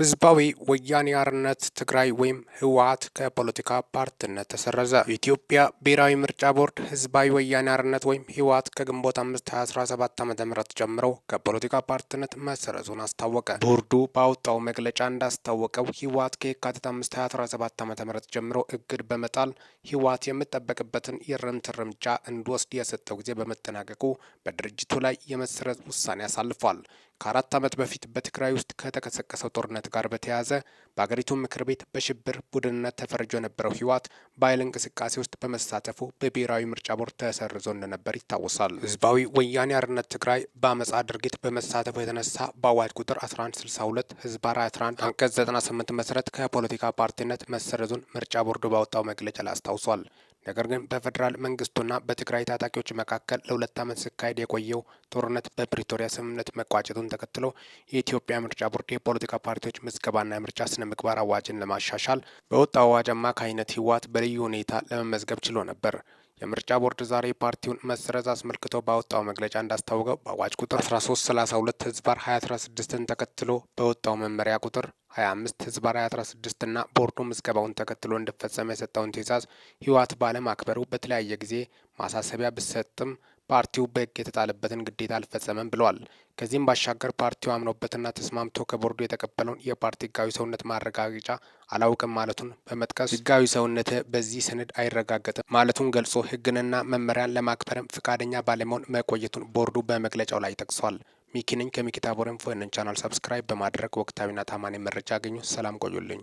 ህዝባዊ ወያኔ አርነት ትግራይ ወይም ህወሀት ከፖለቲካ ፓርቲነት ተሰረዘ። የኢትዮጵያ ብሔራዊ ምርጫ ቦርድ ህዝባዊ ወያኔ አርነት ወይም ህወሀት ከግንቦት 5 2017 ዓ.ም ጀምሮ ከፖለቲካ ፓርቲነት መሰረዙን አስታወቀ። ቦርዱ ባወጣው መግለጫ እንዳስታወቀው ህወሀት ከየካቲት 5 2017 ዓ.ም ጀምሮ እግድ በመጣል ህወሀት የምጠበቅበትን የእርምት እርምጃ እንዲወስድ የሰጠው ጊዜ በመጠናቀቁ በድርጅቱ ላይ የመሰረዝ ውሳኔ አሳልፏል። ከአራት ዓመት በፊት በትግራይ ውስጥ ከተቀሰቀሰው ጦርነት ጋር በተያያዘ በአገሪቱ ምክር ቤት በሽብር ቡድንነት ተፈርጆ የነበረው ህወሓት በኃይል እንቅስቃሴ ውስጥ በመሳተፉ በብሔራዊ ምርጫ ቦርድ ተሰርዞ እንደነበር ይታወሳል። ህዝባዊ ወያኔ አርነት ትግራይ በአመፃ ድርጊት በመሳተፉ የተነሳ በአዋጅ ቁጥር 1162 ህዝባር 11 አንቀጽ 98 መሰረት ከፖለቲካ ፓርቲነት መሰረዙን ምርጫ ቦርዱ ባወጣው መግለጫ ላይ አስታውሷል። ነገር ግን በፌዴራል መንግስቱና በትግራይ ታጣቂዎች መካከል ለሁለት ዓመት ሲካሄድ የቆየው ጦርነት በፕሪቶሪያ ስምምነት መቋጨቱን ተከትሎ የኢትዮጵያ ምርጫ ቦርድ የፖለቲካ ፓርቲዎች ምዝገባና የምርጫ ስነ ምግባር አዋጅን ለማሻሻል በወጣ አዋጅ አማካኝነት ህወሓት በልዩ ሁኔታ ለመመዝገብ ችሎ ነበር። የምርጫ ቦርድ ዛሬ ፓርቲውን መሰረዝ አስመልክቶ ባወጣው መግለጫ እንዳስታወቀው በአዋጅ ቁጥር 1332 ህዝባር 2016ን ተከትሎ በወጣው መመሪያ ቁጥር 25 ህዝብ 16 እና ቦርዱ ምዝገባውን ተከትሎ እንደፈጸመ የሰጠውን ትዕዛዝ ህወሓት ባለማክበሩ በተለያየ ጊዜ ማሳሰቢያ ብሰጥም ፓርቲው በህግ የተጣለበትን ግዴታ አልፈጸመም ብለዋል። ከዚህም ባሻገር ፓርቲው አምኖበትና ተስማምቶ ከቦርዱ የተቀበለውን የፓርቲ ህጋዊ ሰውነት ማረጋገጫ አላውቅም ማለቱን በመጥቀስ ህጋዊ ሰውነት በዚህ ሰነድ አይረጋገጥም ማለቱን ገልጾ ህግንና መመሪያን ለማክበርም ፍቃደኛ ባለመሆን መቆየቱን ቦርዱ በመግለጫው ላይ ጠቅሷል። ሚኪ ነኝ ከሚኪታቦር ኢንፎ። ይህንን ቻናል ሰብስክራይብ በማድረግ ወቅታዊና ታማኒ መረጃ አገኙ። ሰላም ቆዩልኝ።